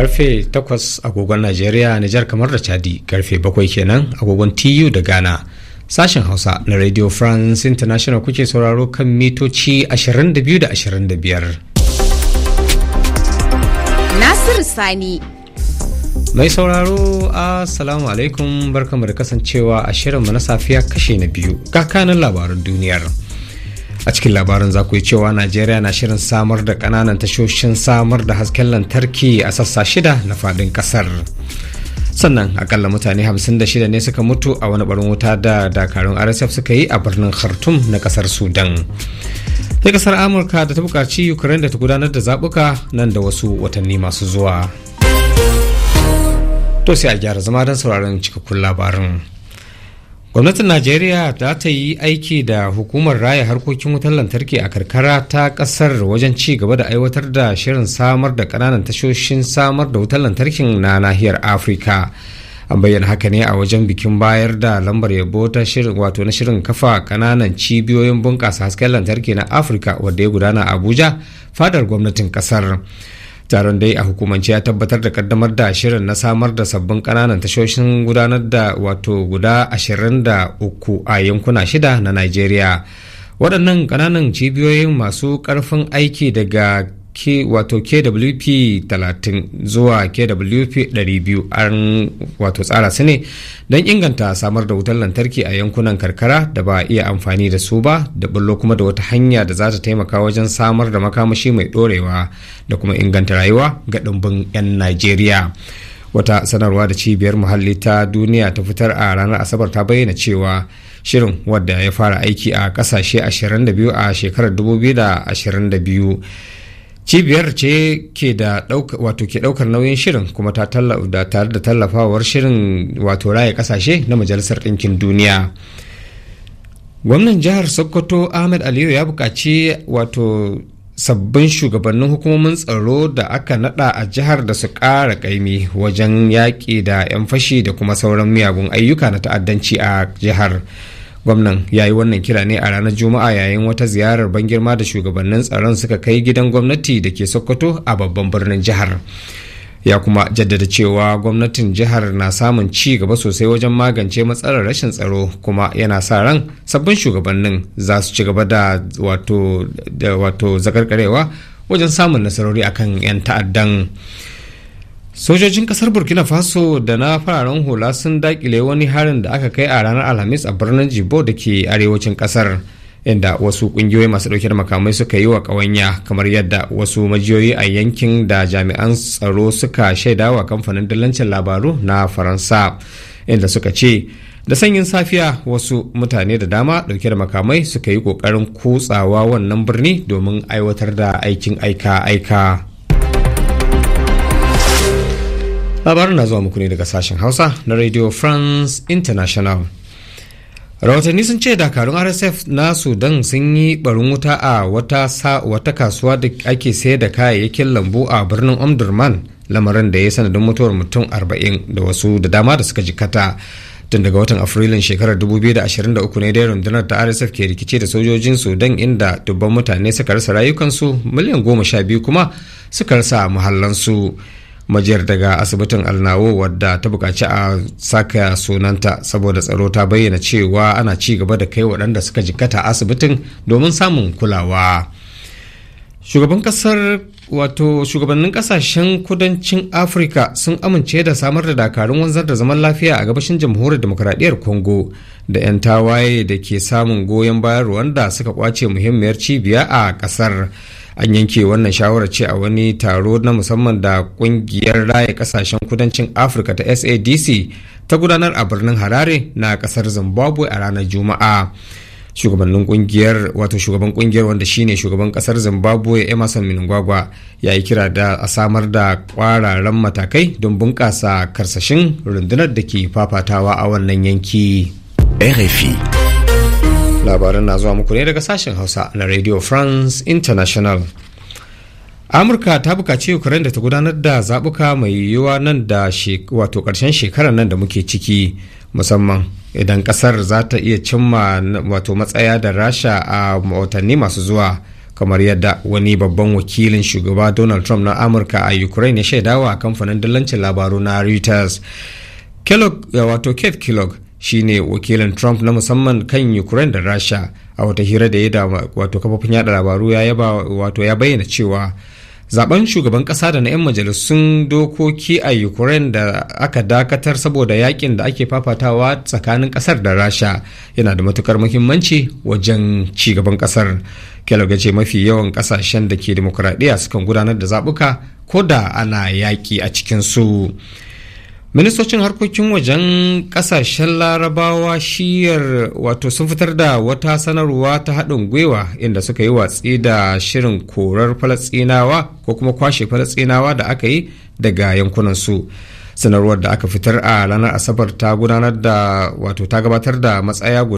karfe 8 agogon Najeriya, Nijar kamar da Chadi, karfe 7 kenan agogon TU da Ghana. Sashen Hausa na Radio France International kuke sauraro kan mitoci 22 da 25. Nasiru Sani Mai sauraro Assalamu alaikum barkamu da kasancewa a shirinmu na safiya kashe na biyu kakanin labarin duniyar. a cikin labarin za ku yi cewa najeriya na shirin samar da kananan tashoshin samar da hasken lantarki a sassa shida na fadin kasar sannan akalla mutane 56 ne suka mutu a wani barin wuta da dakarun rsf suka yi a birnin khartoum na kasar sudan sai kasar amurka da ta bukaci ukraine da ta gudanar da zabuka, nan da wasu watanni masu zuwa to sai a gyara zama don sauraron cikakkun labarin gwamnatin najeriya za ta yi aiki da hukumar raya harkokin wutar lantarki a karkara ta kasar wajen ci gaba da aiwatar da shirin samar da kananan tashoshin samar da wutar lantarkin na nahiyar afirka an bayyana haka ne a wajen bikin bayar da lambar yabo ta shirin wato na shirin kafa kananan cibiyoyin bunƙasa hasken lantarki na afirka wadda ya gudana abuja fadar gwamnatin kasar taron dai a hukumance ya tabbatar da kaddamar da shirin na samar da sabbin kananan tashoshin gudanar da wato guda 23 a yankuna shida na Najeriya waɗannan kananan cibiyoyin masu ƙarfin aiki daga wato KWP 30 zuwa KWP 200 an wato tsara su ne don inganta samar da wutar lantarki a yankunan karkara da ba a iya amfani da su ba da bullo kuma da wata hanya da za ta taimaka wajen samar da makamashi mai ɗorewa, da kuma inganta rayuwa ga ɗumbin 'yan Najeriya. Wata sanarwa da cibiyar muhalli ta duniya ta fitar a ranar Asabar ta bayyana cewa shirin wadda ya fara aiki a kasashe 22 a shekarar 2022 cibiyar ce ke da wato ke daukar nauyin shirin kuma ta da tare da tallafawar shirin wato raya kasashe na majalisar ɗinkin duniya gwamnan jihar sokoto ahmed aliyu ya buƙaci wato sabbin shugabannin hukumomin tsaro da aka nada a jihar da su ƙara ƙaimi wajen yaƙi da 'yan fashi da kuma sauran miyagun ayyuka na ta'addanci a jihar. gwamnan ya yi wannan kira ne a ranar juma'a yayin wata ziyarar ban girma da shugabannin tsaron suka kai gidan gwamnati da ke sokoto a babban birnin jihar ya kuma jaddada cewa gwamnatin jihar na samun ci gaba sosai wajen magance matsalar rashin tsaro kuma yana sa ran sabbin shugabannin za su ci gaba da wato zakarkarewa wajen samun nasarori akan 'yan ta'addan. sojojin kasar burkina faso da na fararen hula sun dakile wani harin da aka kai a ranar alhamis a birnin jibo da ke arewacin kasar inda wasu kungiyoyi masu dauke da makamai suka yi wa kawanya kamar yadda wasu majiyoyi a yankin da jami'an tsaro suka shaida wa kamfanin dillancin labaru na faransa inda suka ce da sanyin safiya wasu mutane da dama dauke da makamai suka yi kokarin kutsawa wannan birni domin aiwatar da aikin aika-aika labarin na zuwa muku daga sashen hausa na radio france international rahotanni sun ce dakarun rsf na sudan sun yi barin wuta a wata, kasuwa da ake sayar da kayayyakin lambu a birnin omdurman lamarin da ya yi sanadin mutuwar mutum 40 da wasu da dama da suka jikata tun daga watan afrilun shekarar 2023 ne dai rundunar ta rsf ke rikice da sojojin sudan inda dubban mutane suka rasa rayukansu miliyan goma sha biyu kuma suka rasa muhallansu majiyar daga asibitin alnawo wadda ta bukaci a saka sunanta saboda tsaro ta bayyana cewa ana ci gaba da kai waɗanda suka jikkata asibitin domin samun kulawa. shugaban kasar wato shugabannin kasashen kudancin afirka sun amince da samar da dakarun wanzar da zaman lafiya a gabashin jamhuriyar demokradiyyar congo da 'yan tawaye da ke samun goyon bayan rwanda suka kwace muhimmiyar cibiya a kasar an yanke wannan shawarar ce a wani taro na musamman da kungiyar raya kasashen kudancin afirka ta sadc ta gudanar a birnin harare na kasar zimbabwe a ranar juma'a shugabannin kungiyar wato shugaban kungiyar wanda shine shugaban kasar zimbabwe emerson minungwagwa ya yi kira da a samar da kwararan matakai don bunƙasa karsashin rundunar da ke fafatawa a wannan yanki rfi labaran na zuwa muku ne daga sashen hausa na radio france international amurka ta bukaci ukraine da ta gudanar da zaɓuka mai yiwuwa nan da wato ƙarshen shekarar nan da muke ciki musamman idan kasar za ta iya cimma wato matsaya da rasha a watanni masu zuwa kamar yadda wani babban wakilin shugaba donald trump na amurka a ukraine ya shaidawa a kamfanin dillancin labaru na reuters wato keith kellogg shine wakilin trump na musamman kan ukraine da rasha a wata hira da ya da wato kafofin yada labaru ya yaba wato ya bayyana cewa zaben shugaban kasa da na 'yan majalisun dokoki a ukraine da aka dakatar saboda yakin da ake fafatawa tsakanin kasar da rasha yana da matukar muhimmanci wajen ci kasar kyaloga ce mafi yawan kasashen da ke demokuraɗiyya sukan gudanar da zaɓuka ko da ana yaƙi a cikinsu. su ministocin harkokin wajen kasashen larabawa shiyar wato sun fitar da wata sanarwa ta haɗin gwiwa inda suka yi watsi da shirin korar falasinawa ko kuma kwashe falasinawa da aka yi daga yankunansu sanarwar da aka fitar a ranar asabar ta gudanar da wato ta gabatar da matsaya